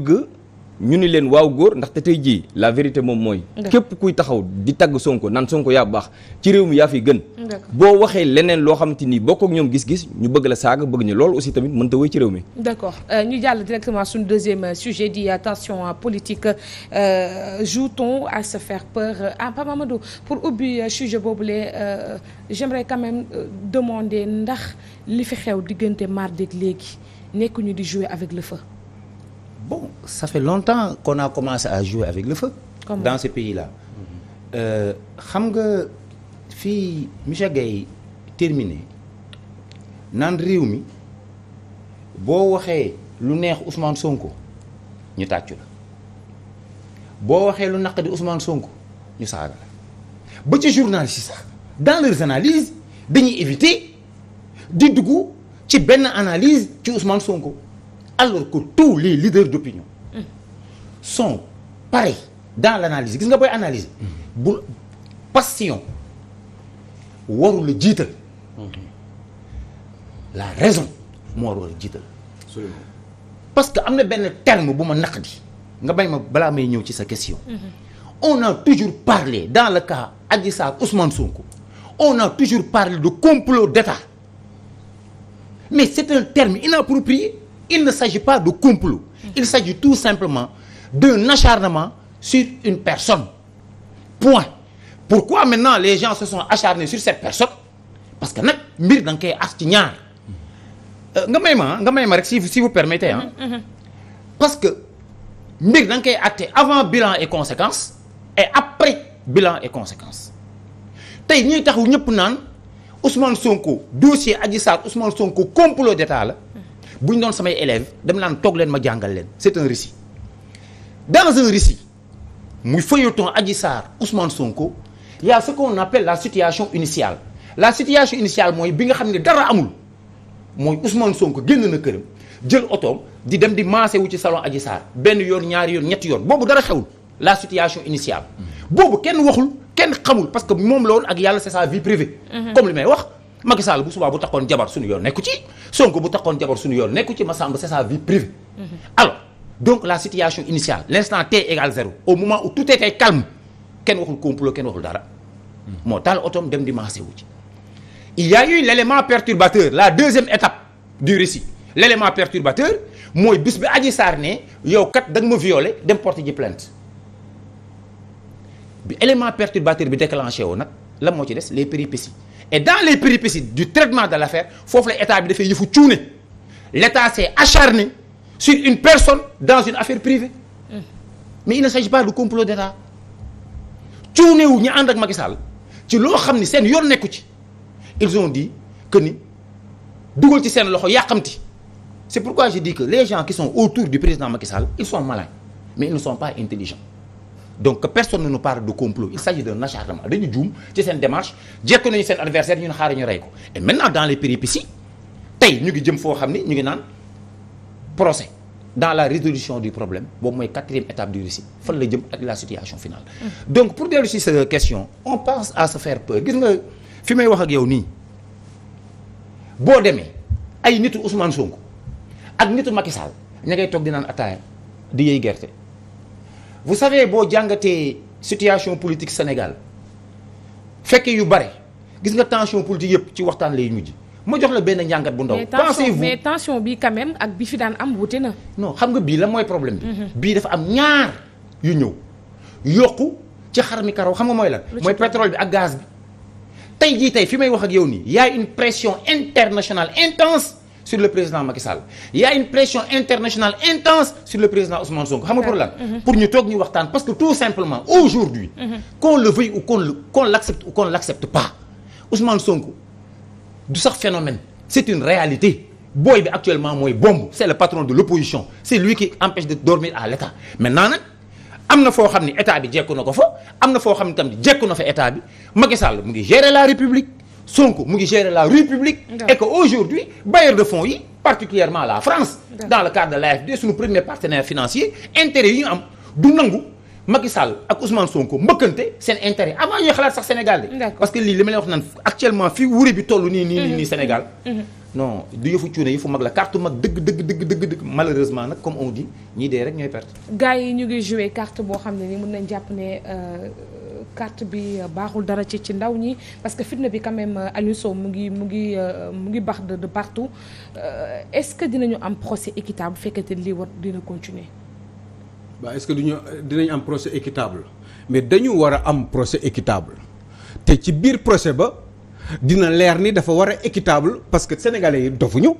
bëgg ñu ni leen waaw góor ndaxte tey jii la vérité moom mooy képp kuy taxaw di tagg Sonko naan Sonko yaa baax ci réew mi yaa fi gën boo waxee leneen loo xam ni bokk ak ñoom gis-gis ñu bëgg la saaga bëgg ñu loolu aussi tamit mën ta wéy ci réew mi d'accord euh, ñu jàll directement suñu deuxième euh, sujet di attention euh, politique joue t à se faire peur ah Pape Amadou pour ubbi sujet boobule j'aimerais quand même demander ndax li fi xew diggante mardi ak léegi nekkuñu di jouer avec le feu bon ça fait longtemps qu'on a commencé à jouer avec le feu. Comment? dans ce pays là. Euh, xam nga fii monsieur Guèye terminé naan réew mi boo waxee lu neex Ousmane Sonko ñu tàccu la boo waxee lu naq naqadi Ousmane Sonko ñu saaga ba ci journaliste sax dans leurs analyses dañuy éviter di dugg ci benn analyse ci Ousmane Sonko. alors que tous les leaders d'opinion sont pareils dans l'analyse gis nga booy analyse bu passion warul la jiital la raison moo war jiital parce que am na benn terme bu ma naq di nga bañ ma balaa may ñëw ci sa question on a toujours parlé dans le cas Adji Sarr Ousmane Sonko on a toujours parlé de complot d'État mais c'est un terme inapproprié il ne s'agit pas de complot il s'agit tout simplement d'un acharnement sur une personne point pourquoi maintenant les gens se sont acharnés sur cette personne parce que nag mbir da nga koy as ñaar euh, nga may ma nga may ma rek si si vous permettez mm-hmm, mm-hmm. parce que mbir da nga koy atte avant bilan et conséquence et après bilan et conséquence tey ñuy taxaw ñëpp naan Ousmane Sonko dossier Adji Sarr Ousmane Sonko complot d'état la bu ñu doon samay élèves dem naan toog leen ma jàngal leen c'est un récit dans un récit muy feuilleton Adji Sarr Ousmane Sonko y a ce qu'on la situation initiale la situation initiale mooy bi nga xam ne dara amul mooy Ousmane Sonko génn na këram jël otoom di dem di maase wu ci salon aji Sarr benn yoon ñaari yoon ñetti yoon boobu dara xewul la situation initial mm. boobu kenn waxul kenn xamul parce que moom la ak yàlla c'est sa vie privée. Mm-hmm. comme Macky Sall bu subaa bu takkoon jabar suñu yoon nekku ci Sonko bu takkoon jabar suñu yoon nekku ci Massamba c'est sa vie privée. Mm-hmm. alors donc la situation initiale l'instant t égale zéro au moment où tout était calme kenn waxul complot kenn waxul dara. Mm-hmm. moo taal otoom dem di maase wu ci. il y a eu perturbateur la deuxième étape du récit l'élément perturbateur mooy bis bi Adji Sarr ne yow kat da nga ma violé dem porter ji plainte bi élément perturbateur bi déclenché wu nag la moo ci des les péripéties. et dans les péripéties du traitement de l'affaire foofu la état bi dafay yëfu cuune l'état s'est acharné sur une personne dans une affaire privée mais il ne s'agit pas de complot d'état cuune wu ñu ànd ak Macky ci loo xam ni seen yoon nekku ci ils ont dit que ni dugal ci seen loxo yàqamti c'est pourquoi je dis que les gens qui sont autour du président Macky Sall ils sont malins mais ils ne sont pas intelligents donc personne nu nous parle de complot il s'agit d'un acharnement dañu juum ci seen démarche jekku nañu seen adversaire ñun xaar ñu rey ko et maintenant dans les péripéties tey ñu ngi jëm foo xam ne ñu ngi naan procès dans la résolution du problème boobu mooy quatrième étape du récit fan la jëm ak la situation finale. Mm. donc pour dellu si sa question on pense à se faire peur gis nga fi may wax ak yow nii boo demee ay nitu Ousmane Sonko ak nitu Macky Sall ña ngay toog di naan ataaya di yëy gerte. vous savez boo jàngatee situation politique Sénégal fekkee yu bare gis nga tension politique yëpp ci waxtaan lay mujj ma jox la benn njàngat bu ndaw. pensez-vous mais tension bi quand ak bi fi daan am wute na. non xam nga bii la mooy problème bi. Mhm. bii dafa am ñaar yu ñëw yokku ci xar mi karaw xam nga mooy lan. mooy pétrole bi ak gaz bi. tey jii tey fi may wax ak yow nii y une pression internationale intense. sur le président Macky Sall il y a une pression internationale intense sur le président Ousmane Sonko xam nga pour lan ah, mhm. pour ñu toog ñu waxtaan parce que tout simplement aujourd'hui mhm. qu'on le veuille ou qu'on le qu'on l'accepte ou qu'on l'accepte pas Ousmane Sonko du sax phénomène c'est une réalité booy bi actuellement mooy bombe c'est le patron de l'opposition c'est lui qui empêche de dormir à l'état maintenant nag am na foo xam ne état bi jekku na ko fa am na foo xam ni tamit na fa état bi Macky mu ngi la république Sonko mu ngi gérer la rue publique et que aujourd'hui bailleurs de fonds yi particulièrement la France dans le cadre de l'AFD suñu premier partenaire financier intérêt yi am du nangu Macky Sall ak Ousmane Sonko mbëkkante seen intérêt avant ñuy xalaat sax Sénégal de parce que lii li ma lay wax naan actuellement fii wuri bi toll nii nii mhm. Sénégal mhm. non du yëfu cuune yëfu mag la carte mag dëgg dëgg dëgg dëgg dëgg malheureusement nag comme on dit ñii dee carte bi baaxul dara ci ci ndaw ñi parce que fitna bi quand même euh, Aliou Sow mu ngi mu ngi euh, mu ngi baax de partout euh, est-ce que dinañu am procès équitable bu fekkee lii war dina continuer. waaw que duñu dinañ am procès équitable mais dañu war a am procès équitable te ci biir procès ba dina leer ni dafa war a équitable parce que sénégalais yi dofuñu.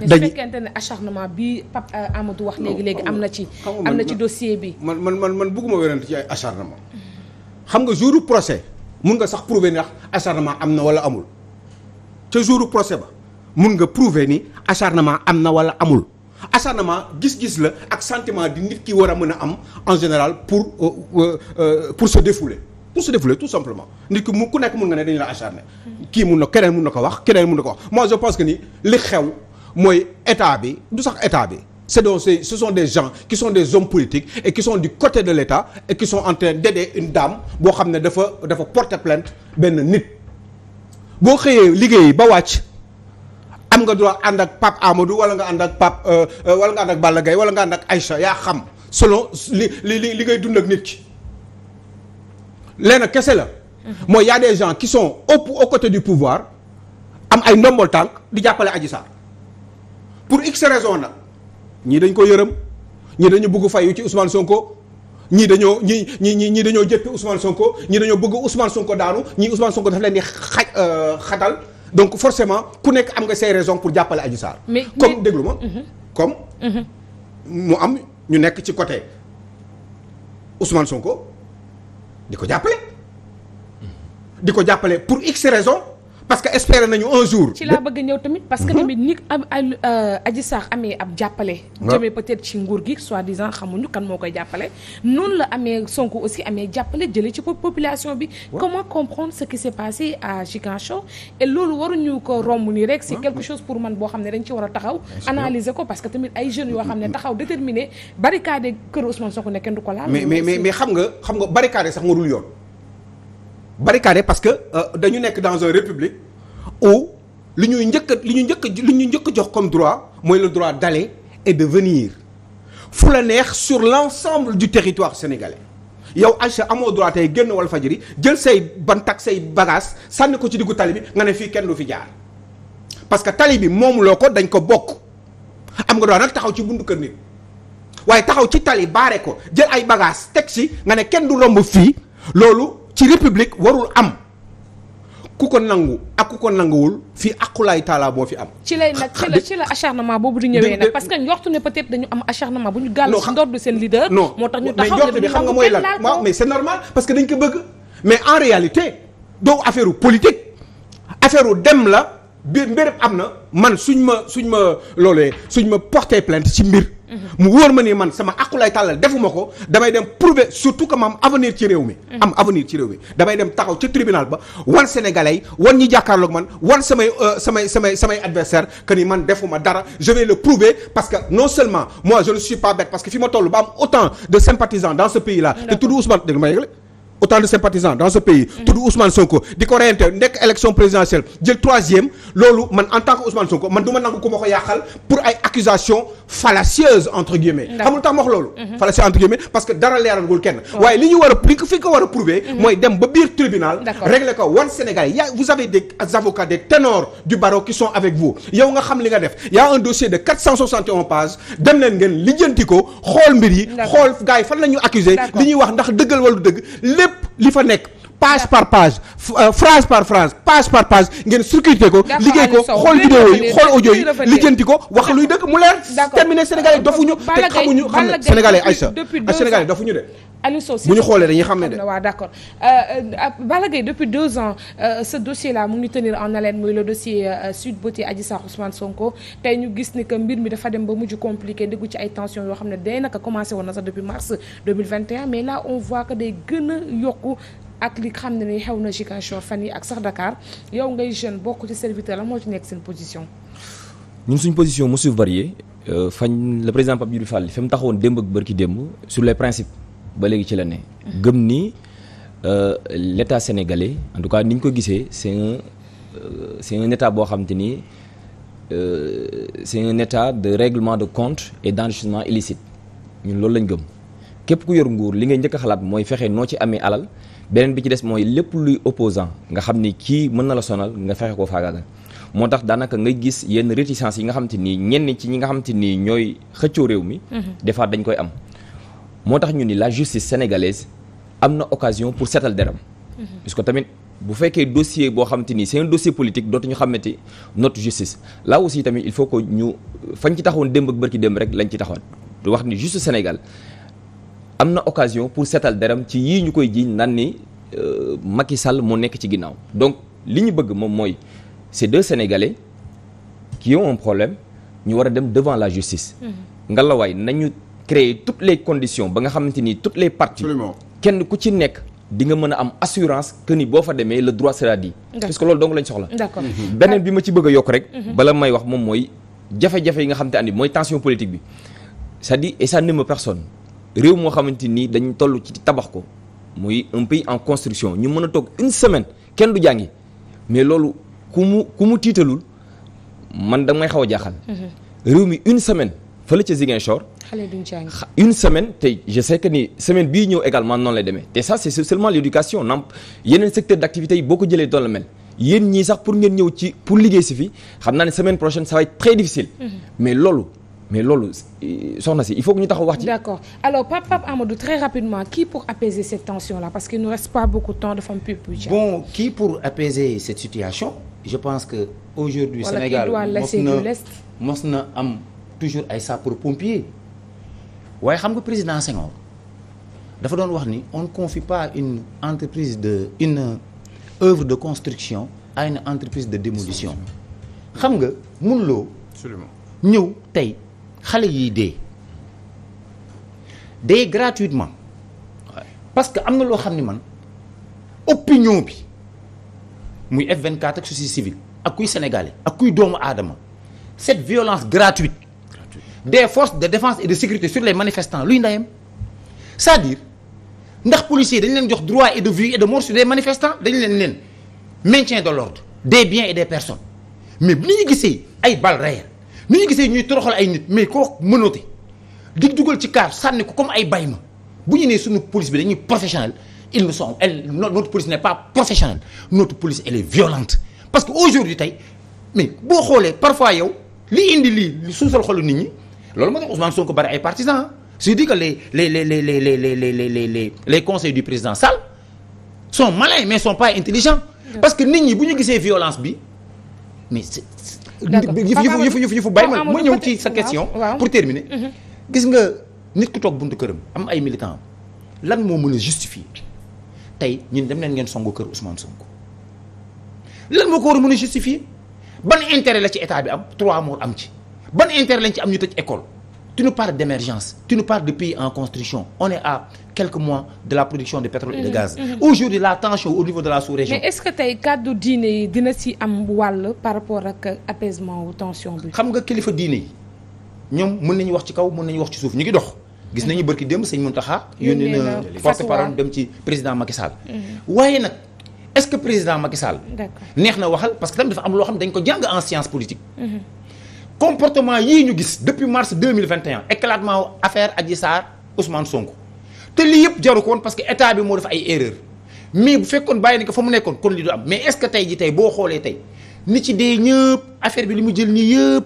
dañu su fekkente ne acharnement bi Pape Amadou wax léegi léegi am na ci. am na ci dossier bi. man man man man bëgguma wérante ci ay acharnement. xam nga jouru procès mun nga sax prouver ndax acharnement am na wala amul ca jouru procès ba mun nga prouver ni acharnement am na wala amul acharnement gis-gis la ak sentiment di nit ki war a mën a am en général pour euh, euh, euh, pour se défouler pour se défouler tout simplement nit ki mu ku nekk mun nga ne dañu la acharné kii mun na keneen mun na ko wax keneen mun na ko wax moi je pense que ni li xew mooy état bi du sax état bi c'est donc ce sont des gens qui sont des hommes politiques et qui sont du côté de l'État et qui sont en train d'aider boo xam ne dafa dafa porter plainte benn nit boo xëyee liggéey ba wàcc am nga droit ànd ak Pape Amadou wala nga ànd ak Pape euh, euh, wala nga ànd ak Balla Gaye wala nga ànd ak Aïcha yaa xam selon li li li ngay dund ak nit ki lenn kese la mm-hmm. mooy y a des gens qui sont au côté du pouvoir am ay ndombol tànk di jàppale aji Sarr pour x raison ñii dañ ko yërëm ñii dañu bugg fayu ci Ousmane Sonko ñii dañoo ñii ñii ñii ñii dañoo jëppi Ousmane Sonko ñii dañoo bëgg Ousmane Sonko daanu ñii Ousmane Sonko daf leen di xaj euh, xatal donc forcément ku nekk am nga say raisons pour jàppale Adji Sarr. comme déglu ma. Mhm. comme. Mhm. mu am ñu nekk ci côté Ousmane Sonko di ko jàppale. Mhm. di ko jàppale pour x parce que espérer nañu un jour. ci laa bëgg ñëw tamit parce que mhm. tamit ni am euh, Adji Sarr amee ab jàppale. jëmee peut-être ci nguur gi soi-disant xamuñu kan moo koy jàppale. noonu la amee Sonko aussi amee jàppale jëlee ci population bi. comment comprendre ce qui s'est passé à Ziguinchor. et loolu waruñu ko romb nii rek. c'est quelque chose pour man boo xam ne dañ ci war a taxaw. analyser ko parce que tamit ay jeunes yoo xam ne mm-hmm. taxaw déterminé barricade kër Ousmane Sonko mais mais xam nga xam nga barricade sax nga dul yoon. barricadé parce que euh, dañu nekk dans une république où li ñuy njëkk li ñu njëkk li ñu njëkk jox comme droit mooy le droit d'aller et de venir fu la neex sur l'ensemble du territoire sénégalais yow Aïcha amoo droit tey génn Walfadjri jël say bantak say bagages sànni ko ci diggu tali bi nga ne fii kenn du fi jaar parce que tali bi moomuloo ko dañ ko bokk am nga doon nag taxaw ci buntu kër nit waaye taxaw ci tali baare ko jël ay bagages teg si nga ne kenn du romb fii loolu ci république warul am ku ko nangu ak ku ko nanguwul fii akulaay taala moo fi am. ci lay nag ci la ah, ci la acharnement boobu du ñëwee nag. parce que njortu ne peut-être dañu am acharnement bu ñu gàll. ci ndoddu seen leader. moo tax ñu taxaw ne mais njort bi xam nga mooy lan waaw mais c'est normal parce que dañ ko bëgg. mais en réalité doo affaire politique affaire dem la bi mbir am na man suñ ma suñ ma loolee suñ ma porté plainte ci mbir. mu wóor ma ni man sama aqulay tàllal defuma ko damay dem prouver surtout que ma am avenir ci réew mi mm-hmm. am avenir ci réew mi damay dem taxaw ca tribunal ba wan sénégalais wan ñi jàkkaarloog man wan samay euh, samay samay samay adversaire que ni man defuma dara je vais le prouver parce que non seulement moi je ne suis pas bête parce que fi ma toll ba am autant de sympathisants dans ce pays là te tudd Ousmane dégg nga ma yëgle autant dans ce pays. Mm-hmm. tudd Ousmane Sonko di ko reyante nekk élection présidentielle jël troisième loolu man en tant que Ousmane Sonko man du ma nangu ku ma ko yàqal pour ay accusations fallacieuses entre guillemets. xam tax ma wax loolu. Mm-hmm. fallacieux entre guillemets parce que dara leeralagul kenn. waaye li ñu war a li ko fi ko war a prouver. Mm-hmm. mooy dem ba biir tribunal. régler ko wan Sénégal y' vous avez des avocats des ténors du barreau qui sont avec vous yow nga lépp li fa nekk page par page euh, phrase par phrase page par page ngeen circuité ko liggéey ko xool vidéo yi xool audio yi lijjanti ko wax luy dëkk mu leer terminé sénégalais dofuñu xam ne ñu ne de waaw d'accord euh, euh, ah, Balla Gaye depuis deux Sonko tey ñu gis ni que mbir mi dafa dem ba mujj compliqué déggu ci ay tension yoo xam ne day naka commencé woon na sax depuis mars 2021 mais là on voit que day gën a yokku ak li xam ne ni xew na Ziguinchor fan yi ak sax Dakar yow ngay jeune bokk ci serviteur la moo ci nekk seen position. ñun suñ position mosu varié euh, fañ le président Pape Djibril Fall fi mu taxawoon démb ak bërki démb sur les ba léegi ci la ne. gëm ni euh, l' état en tout cas ni ñu ko gisee c' est un euh, boo xam te ni c' est un état de règlement de compte et d' enrichissement illicite ñun loolu lañ gëm képp ku yoru nguur li ngay njëkk xalaat mooy fexe noo ci amee alal. beneen bi ci des mooy lépp luy opposant nga xam ni kii mën na la sonal nga fexe koo faagaagal moo tax daanaka ngay gis yenn réticence yi nga xam te nii ñenn ci ñi nga xam te nii ñooy xëccoo réew mi mhm. des fois dañ koy am moo tax ñu ni la justice sénégalaise am na occasion pour setal deram mhm. parce que tamit bu fekkee dossier boo xam te nii c'est un dossier politique dootuñu xamante notre justice là aussi il faut que ñu fañ ci taxawoon démb ak bërki démb rek lañ ci taxawoon wax ni juste Sénégal am na occasion pour setal deram ci yii ñu koy jiiñ nan ni euh, Macky Sall moo nekk ci ginnaaw donc li ñu bëgg moom mooy ces de Sénégalais qui ont un problème ñu war a dem devant la justice mm-hmm. ngalawaay nañu créer toutes les conditions ba nga xamante ni toutes les parties kenn ku ci nekk di nga mën a am assurance que ni boo fa demee le droit sera dit parce que loolu dong lañ soxla d'accord mm-hmm. beneen bi ma ci bëgg a yokk rek mm-hmm. bala may wax moom mooy jafe-jafe yi nga xam te andi mooy tension politique bi et ça ne me réew moo xamante ni dañu toll ci tabax ko muy un pays en construction ñu mën a toog une semaine kenn du jàngi mais loolu ku mu ku mu tiitalul man damay xaw a jaaxal. Mm-hmm. réew mi une semaine fële ca Ziguinchor. une semaine tey je sais que ni semaine bii ñëw également noonu lay demee te ça c' est seulement l' éducation nam yeneen secteur d' yi boo ko jëlee doon la mel. yéen ñii sax pour ngeen ñëw ci pour liggéey si fi xam naa ne semaine prochaine ça va être mais loolu soxna si il faut que ñu taxaw wax ci. d'accord alors Pape Pape Amadou très rapidement qui pour apaiser cette tension là parce qu'il ne reste pas beaucoup de temps dafa am plus bon qui pour apaiser cette situation je pense que aujourd'hui voilà, Sénégal mos na mos na am toujours ay sapeurs-pompiers waaye xam nga président Senghor dafa doon wax ni on ne confie pas une entreprise de une œuvre de construction à une entreprise de démolition xam nga mënuloo ñëw tey xale yiy dee dee gratuitement parce que am na loo xam ne man opinion bi muy F24 ak société civile ak kuy sénégalais ak kuy doomu aadama cette violence gratuite des forces de défense et de sécurité sur les manifestants luy ndayam cest dire ndax policiers dañ leen jox droit et de vie mort sur des manifestants dañu leen leen maintien de l'ordre des bien et des personnes mais bu ñu gisee ay balles réelles ni ñu gisee ñuy toroxal ay nit mais koo mënoote di dugal ci kaar sànni ko comme ay bay ma bu ñu nee suñu police bi dañuy professionnel ils ne sont elle notre police n'est pas professionnelle notre police elle est violente parce que aujourd'hui tey mais boo xoolee parfois yow li indi li suusal xolu nit ñi loolu moo tax Ousmane Sonko bari ay partisans je dis que les les les les les les les les les les conseils du président Sall sont malins mais sont pas intelligents. parce que nit ñi bu ñu gisee violence bi mais yëfu yëfu bàyyi ma ma ñëw ci sa question pour terminer mhm. gis nga nit ku toog buntu këram am ay militant lan moo mën a justifier tey ñun dem leen ngeen songu kër Ousmane Sonko lan moo ko war a mën a justifier ban intérêt la ci état bi am trois morts am ci ban intérêt lañ ci am ñu tëj école tu nous parles d'émergence tu nous parles de pays en construction on est à quelques mois de la production de pétrole et de mhm, gaz mhm. aujourd'hui la tension au niveau de la sous-région mais est tey kàddu diine yi dina ci am wàll par rapport ak apaisement wu tension bi xam nga kilifa diine yi ñoom mën nañu wax ci kaw mën nañu wax ci suuf ñu ngi dox gis nañu bërki démb sëñ Mountakha yónni na porte-parole dem ci président Macky Sall mhm. waaye que président Macky Sall neex na waxal parce que tam dafa am loo xam dañ ko jàng en science politique comportement yii ñu gis depuis mars 2021 éclatement affaire Adji Sarr Ousmane Sonko te lii yëpp jaru ko woon que état bi moo def ay erreur mais bu fekkoon bàyyi na ko fa mu nekkoon kon li du am mais est que tey ji tey boo xoolee tey nit ci dee ñëpp affaire bi li mu jël nii yëpp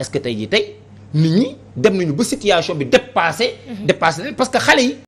est que tey ji tey nit ñi dem nañu ba situation bi dépassé mm-hmm. dépassé parce que xale yi